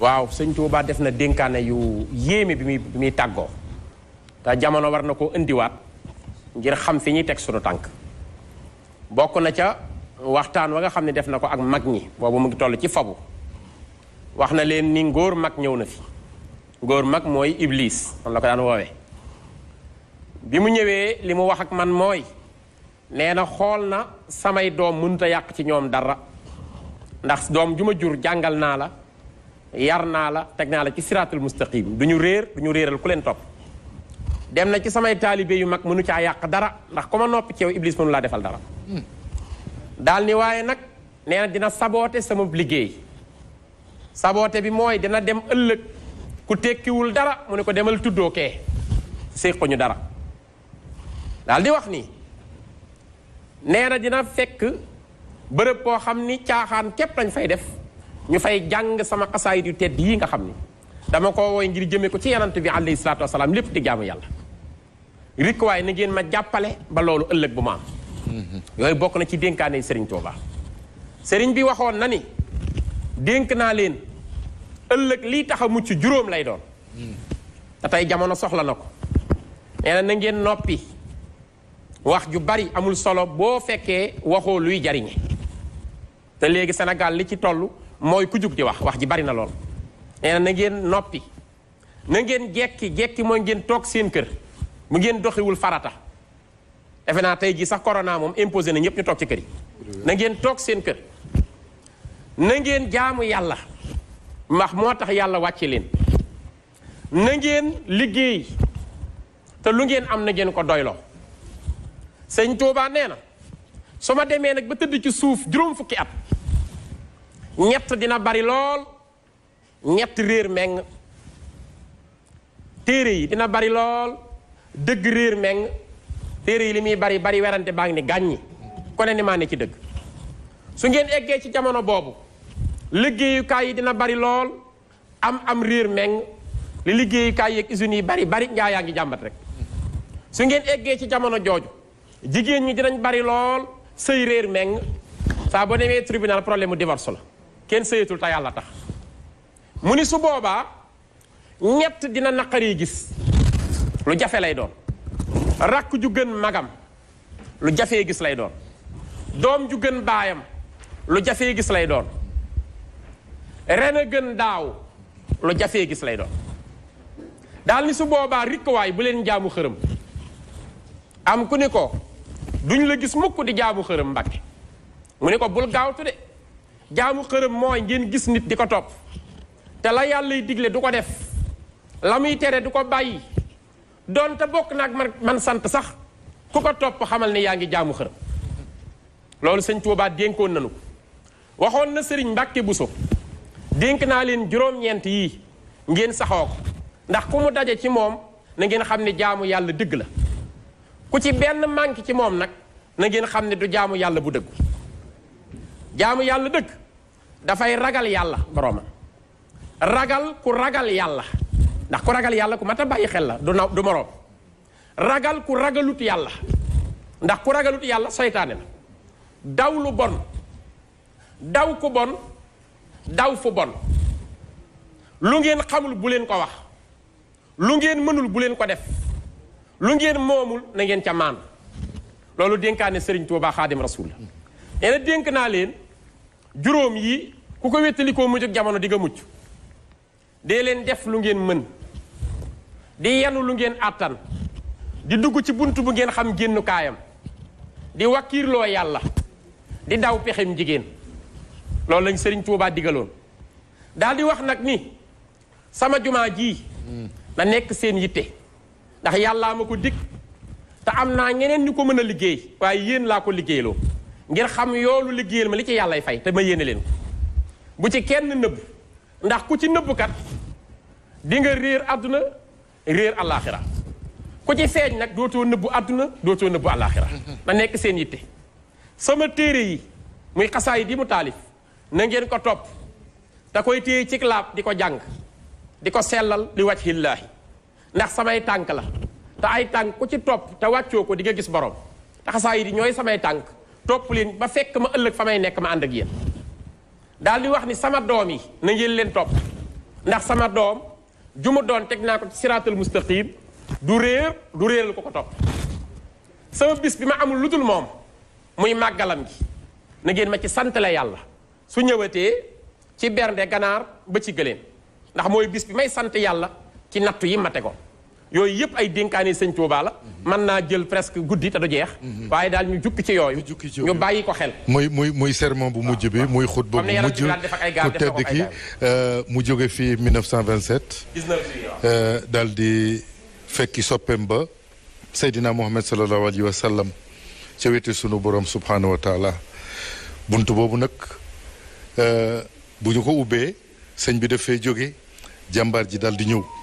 waaw sëñ Touba def na dénkaane yu yéeme bi muy bi muy tàggoo te jamono war na koo indiwaat ngir xam fi ñuy teg sunu tànk bokk na ca waxtaan wa nga xam ne def na ko ak mag ñi boobu mu ngi toll ci fabu wax na leen ni ngóor mag ñëw na fi ngóor mag mooy iblis man la ko daan woowee bi mu ñëwee li mu wax ak man mooy nee na xool na samay doom mënut a yàq ci ñoom dara ndax doom ju ma jur jàngal naa la yar naa la teg naa la ci siraatul mustaqim du ñu réer du ñu réeral ku leen topp dem na ci samay taalibe yu mag mënu caa yàq dara ndax ku ma noppi ci yow iblis laa defal dara hmm. daal ni waaye nag nee na dina saboote sama liggéey saboote bi mooy dina dem ëllëg ku tekkiwul dara mu ne ko demal tuddoo kee séquñu dara daal di wax nii nee na dina fekk bërëb boo xam ni caaxaan képp dañ fay def ñu fay jàng sama xasaayit yu tedd yii nga xam ni dama ko woy ngir jëmee ko ci yanant bi alayhi salaatu wasalaam lépp di jaamu yàlla rik waaye na ngeen ma jàppale ba loolu ëllëg bu ma am bokk na ci dénkaane sëriñ Tuuba sëriñ bi waxoon na ni dénk naa leen ëllëg lii tax a mucc juróom lay doon te tey jamono soxla na ko nee na ngeen noppi wax ju bari amul solo boo fekkee waxoo luy jariñe te léegi senegal li ci toll mooy ku jug di wax wax ji bari na lool nee na ngeen noppi na ngeen jekki jekki mooy ngeen toog seen kër mu ngeen doxiwul farata defe naa tey jii sax corona moom imposé na ñëpp ñu toog ci kër yi na ngeen toog seen kër na ngeen jaamu yàlla ndax moo tax yàlla wàcce leen na ngeen liggéey te lu ngeen am na ngeen ko doyloo sëñ Tuubaa nee na su ma demee nag ba tëdd ci suuf juróom fukki at ñett dina bari lool ñett réer meng téere yi dina bari lool dëgg réer meng téere yi li muy bari bari werante baa ngi ni gàññi kone ne maane ci dëgg su ngeen eggee ci jamono boobu liggéeyukaay yi dina bari lool am am réer meng li liggéeyukaay yeeg usines yi bari bari ngaa yaa ngi jàmbat rek su ngeen eggee ci jamono jooju jigéen ñi dinañ bari lool sëy réer meng saa boo demee tribunal problème mu divorce la kenn sëyatul te yàlla tax mu ni su boobaa ñett dina naqari gis lu jafe lay doon rakk ju gën magam lu jafee gis lay doon doom ju gën baayam lu jafee gis lay doon ren a gën daaw lu jafee gis lay doon daal ni su boobaa waay bu leen jaamu xërëm am ku ni ko duñ la gis mukk di jaamu xërëm mbàkke mu ni ko bul gaawtu de jaamu xërëm mooy ngeen gis nit di ko topp te la yàllay digle du ko def la muy tere du ko bàyyi doonte bokk naag man man sant sax ku ko topp xamal ne yaa ngi jaamu xërëm loolu sëñ Tuubaa dénkoon nanu waxoon na sëriñ Mbàkke so dénk naa leen juróom-ñeent yii ngeen saxoo ko ndax ku mu daje ci moom na ngeen xam ne jaamu yàlla dëgg la ku ci benn manque ci moom nag na ngeen xam ne du jaamu yàlla bu dëgg jaamu yàlla da fay ragal yalla boroomam ragal ku ragal yalla ndax ku ragal yalla ku mata a xel la du du morom ragal ku ragalut yalla ndax ku ragalut yalla seytaane la daw lu bon daw ku bon daw fu bon lu ngeen xamul bu len ko wax lu ngeen mënul bu len ko def lu ngeen momul na ngeen ca man lolou denkane serigne touba khadim rasoul ene denk na len juróom yi ku ko wettalikoo mujj ak jamono di nga mucc dee leen def lu ngeen mën di yenu lu ngeen àttan di dugg ci bunt bu ngeen xam génn kaayam di wakkiirloo yàlla di daw pexem jigéen loolu lañ sëriñ Tuubaa digaloon daal di wax nag ni sama jumaa ji na nekk seen yitte ndax yàllaa ma ko dig te am naa ngeneen ñu ko mën a liggéey waaye yéen laa ko liggéeyloo ngir xam yoolu liggéeyal ma li ci yàllay fay te ma yéene leen bu ci kenn nëbb ndax ku ci nëbb kat di réer àdduna réer àllaaxira ku ci feeñ nag dootoo nëbbu àdduna dootoo nëbbu àllaaxira na nekk seen yitte sama téere yi muy xasaay di mu taalif na ngeen ko topp da koy téye ci laab di ko jàng di ko sellal li wàcc hillaahi ndax samay tànk la te ay tànk ku ci topp te wàccoo ko di nga gis borom te xasaay di ñooy samay tànk topp leen ba fekk ma ëllëg fa may nekk ma ànd ak yéen daal di wax ni sama doom yi na ngeen leen topp ndax sama doom juma doon teg naa ko ci siraatul mustaqim du réer du réeral ko ko topp sama bis bi ma amul lu dul moom muy màggalam gi na ngeen ma ci santale yàlla su ñëwatee ci bernde ganaar ba ci gëléem ndax mooy bis bi may sant yàlla ci nattu yi ma tegoon yooyu yëpp ay dénkaane sëñ Tuuba la mën naa jël presque guddi te du jeex waaye daal ñu jukki ci yooyu ñu bàyyi ko xel muy muy muy sermon bu mujj bi muy xutba bu mujj ku tedd ki euh, mu jóge fii 1927 euh, daal di fekki soppeem ba Seydina Muhammad sallallahu alayhi wa sallam ca wetu sunu borom subhaanahu wa bunt boobu nag euh, bu ñu ko ubbee sëñ bi dafay jóge jàmbaar ji daal di ñëw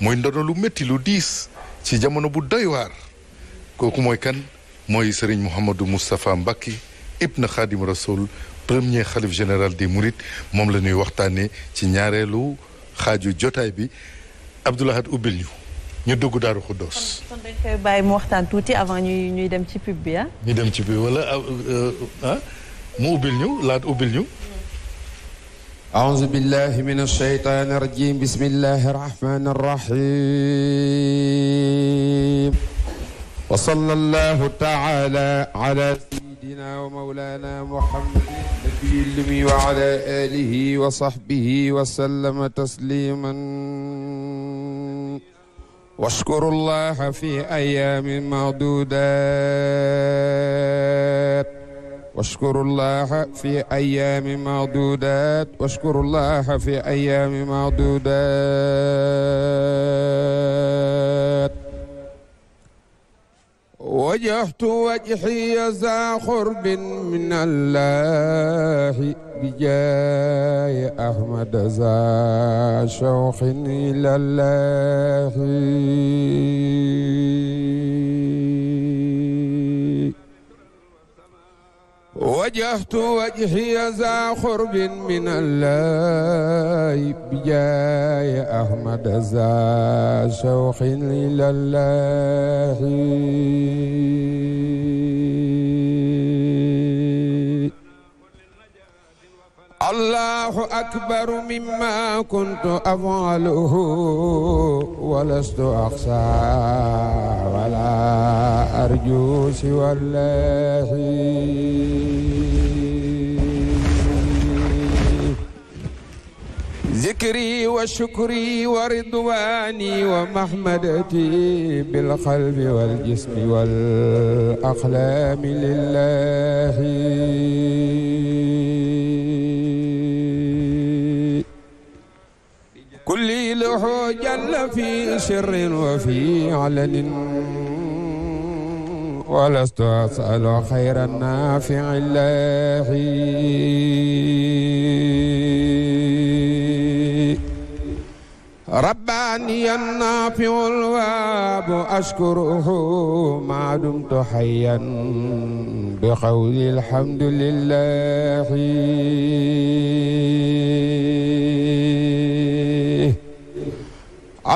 mooy ndono lu métti lu diis ci jamono bu doy kooku mooy kan mooy sëriñ Mouhamadou Moustapha Mbacke ibn Khadim Rasoul premier xalif général des Mourides moom la ñuy waxtaanee ci ñaareelu xaaju jotaay bi Abdoulahad ubbil ñu ñu dugg Daaru Xuddoos. kon waxtaan tuuti avant ñuy dem ci pub ah. ñu dem ci pub wala euh, euh, ah mu ubbil ñu laat ubbil ñu. Mm. أعوذ بالله من الشيطان الرجيم بسم الله الرحمن الرحيم وصلى الله تعالى على سيدنا ومولانا محمد النبي الأمي وعلى آله وصحبه وسلم تسليما واشكروا الله في أيام معدودات واشكروا الله في أيام معدودات واشكروا الله في أيام معدودات وجهت وجهي ذا قرب من الله بجاي أحمد ذا شوق إلى الله وجهت وجهي ذا خرب من الله بجاي أحمد ذا شوق إلى الله الله أكبر مما كنت أفعله ولست أقصى ولا أرجو سوى الله ذكري وشكري ورضواني ومحمدتي بالقلب والجسم والأقلام لله كل لحو جل في سر وفي علن ولست أسأل خير النافع الله رباني النافع الواب أشكره ما دمت حيا بقول الحمد لله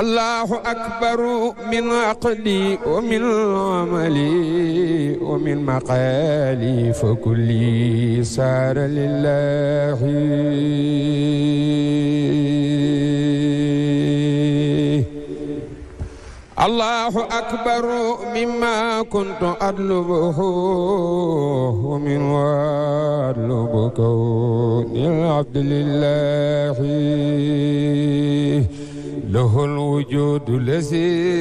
الله أكبر من عقلي ومن عملي ومن مقالي فكلي سار لله الله أكبر مما كنت أطلبه ومن أطلب كون العبد لله له الوجود الذي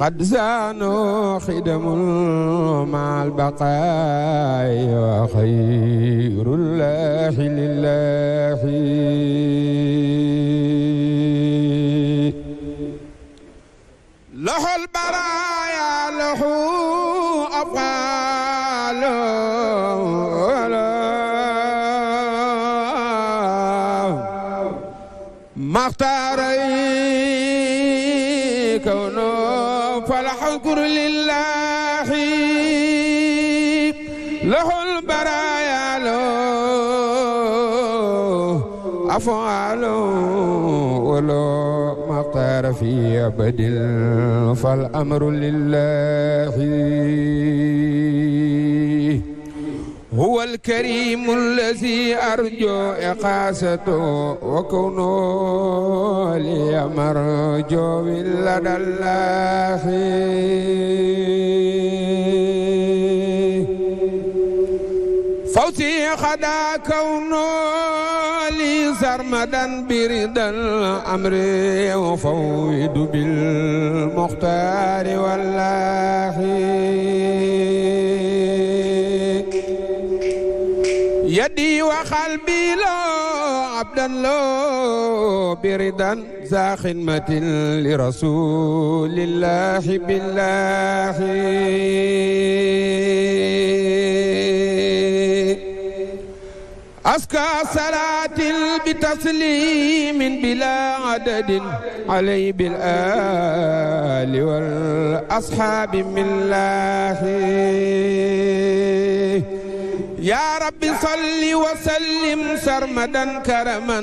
قد زانوا خدم مع البقاء وخير الله لله مختاري كونه فالحكر لله له البرايا له أفعاله ولو مختار في أبد فالأمر لله الكريم الذي أرجو إقاسته وكونه لي مرجو لدى الله فوتي خدا كونه لي سرمدا برد الأمر وفويد بالمختار والله يدي وقلبي لا عبدا لا بردا ذا خدمة لرسول الله بالله أسكى صلاة بتسليم بلا عدد علي بالآل والأصحاب من الله يا رب صل وسلم سرمدا كرما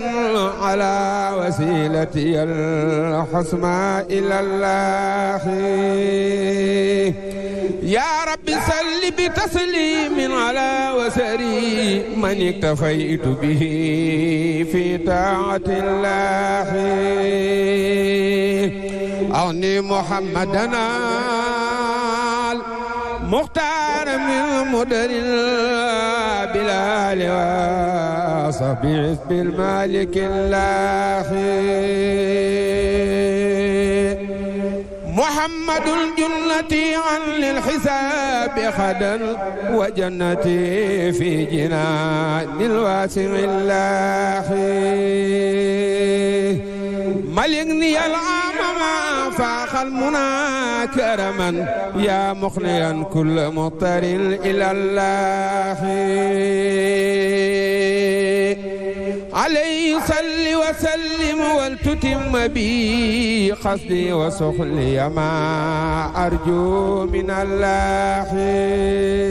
على وسيلتي الحسمى إلى الله يا رب صل بتسليم على وسري من اكتفيت به في طاعة الله أغني محمدا المختار من مدر بالآل وصبي اسم المالك اللاخي محمد الجنة عن للحساب خدا وجنتي في جنان الواسع اللاخي ملكني العام فاخ المنى كرما يا مخنيا كل مضطر إلى الله عليه صل وسلم ولتتم بي قصدي وسخلي ما أرجو من الله